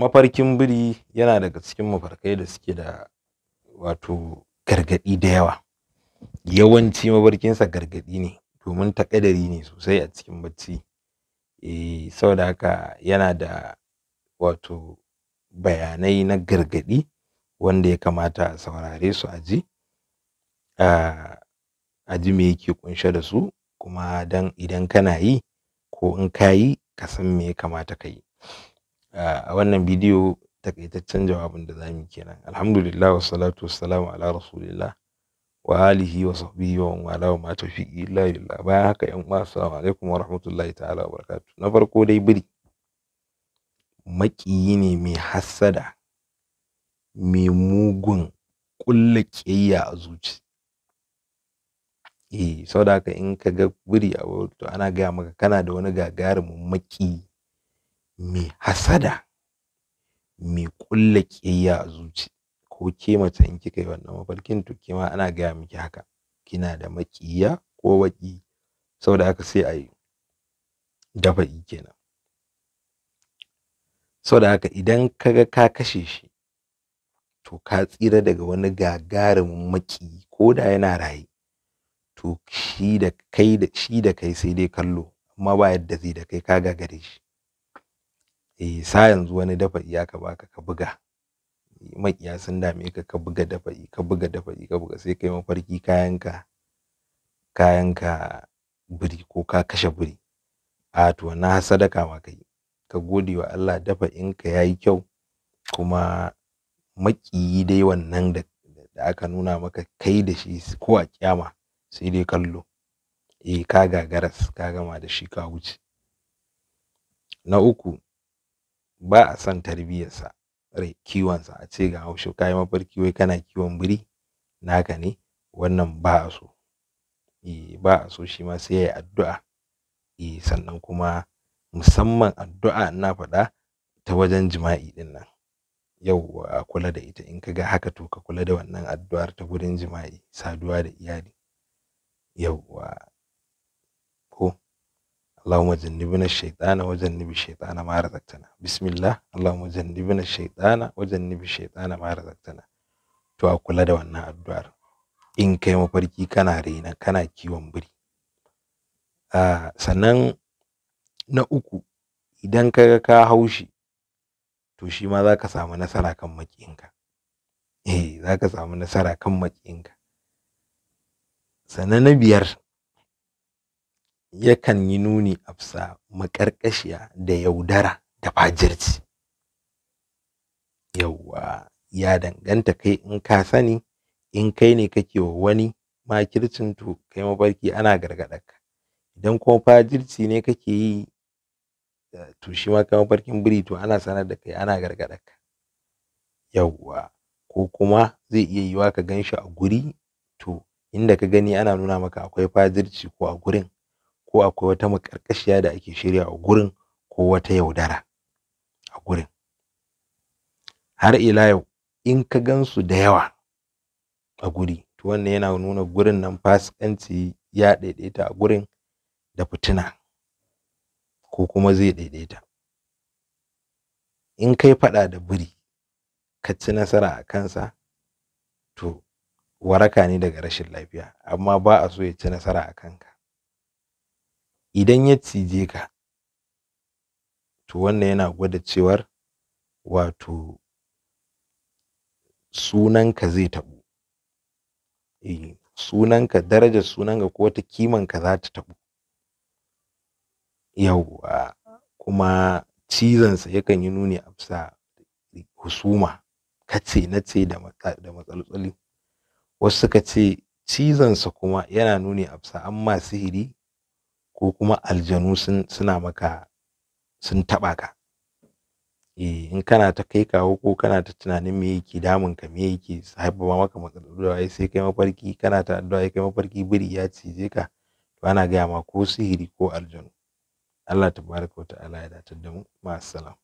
mafarkin biri yana daga cikin mafarkai da suke da wato gargadi da yawa yawanci mafarkinsa gargadi ne domin takadari ne sosai a cikin bacci eh saboda haka yana da wato bayanai na gargadi wanda ya kamata a saurare su aji, ji a ji me yake kunshe da su kuma dan idan kana yi ko in ka yi ka san me ya kamata ka yi a wannan bidiyo takaitaccen jawabin da zamu kenan alhamdulillah wassalatu wassalamu ala rasulillah wa alihi wa sahbihi wa man wala ma tawfiqi illa billah bayan haka yan uwa assalamu alaikum wa rahmatullahi ta'ala wa barakatuh na farko dai biri maƙiyi ne mai hassada mai mugun ƙulla ƙiyayya a zuci eh saboda haka in ka ga biri a to ana gaya maka kana da wani gagarumin maƙiyi mai hasada mai ƙulla kiyayya a zuci ko ke mace in kika yi wannan mafarkin to ke ma ana gaya miki haka kina da maƙiya ko waki saboda haka sai a yi yi kenan saboda haka idan kaga ka kashe shi to ka tsira daga wani gagarumin maƙi ko da yana raye to shi da kai shi da kai sai dai kallo amma ba yadda zai da kai ka gagare shi eh sa yanzu wani dafa'i aka baka ka buga maƙiya sun dame ka ka buga dafa'i ka buga dafa'i ka buga sai kai mafarki kayanka ka biri ko ka kashe biri a to na har sadaka ma kai ka gode wa Allah dafa'in ka yayi kyau kuma maƙiyi dai wannan da da aka nuna maka kai da shi ko a kiyama sai dai kallo eh ka gagaras ka gama da shi ka wuce na uku ba a son tarbiyyarsa rai kiwonsa a ce ga haushe kayi mafarki wai kana kiwon biri naka ne wannan ba a so e, ba a so shi ma sai ya yi addu'a e, sannan kuma musamman addu'a na faɗa ta wajen jima'i ɗin nan yau a kula da ita in ka ga haka to ka kula da wannan addu'ar ta gurin jima'i saduwa da iyali yauwa Bismillah. جنبنا الشيطان وجنب الشيطان ما رزقتنا to a kula da wannan addu'ar in kai mafarki kana raina kana kiwon biri uh, sannan na uku idan ka ka haushi to shi ma za ka samu nasara kan maƙinka eh, sannan na biyar yakan yi nuni a bisa maƙarƙashiya da yaudara da fajirci yawwa ya danganta kai in ka sani in kai ne kake wa wani makircin to kai mafarki ana gargaɗarka idan kuma fajirci ne kake yi eh, to shi ma kai mafarkin biri to ana sanar da kai ana gargaɗarka yawwa ko kuma zai iya yiwa ka gan shi a guri to inda ka gani ana nuna maka akwai fajirci ko a gurin ko akwai wata maƙarƙashiya da ake shirya a gurin ko wata yaudara a gurin har ila yau in ka gansu da yawa a guri to wannan yana nuna gurin nan fasikanci ya daidaita a gurin da fitina ko kuma zai daidaita in kai faɗa da biri ka ci nasara a kansa to waraka ne daga rashin lafiya amma ba a so ya ci nasara a kanka idan ya cije ka to wannan yana gwada cewar wato sunanka zai taɓu eh sunanka darajar sunanka ko wata kimanka za ta taɓu yawwa kuma cizonsa yakan yi nuni a bisa husuma kace ce da matsaltsali wasu suka ce cizonsa kuma yana nuni a bisa an ma sihiri ko kuma aljanu sun suna maka sun taɓa ka eh in kana ta kai kawo ko kana ta tunanin me yake damun ka me yake ba maka matsalolai sai kai mafarki kana ta addu'a kai mafarki biri ya cije ka to ana gaya ma ko sihiri ko aljanu Allah tabaraka wa ta'ala ya datar da mu ma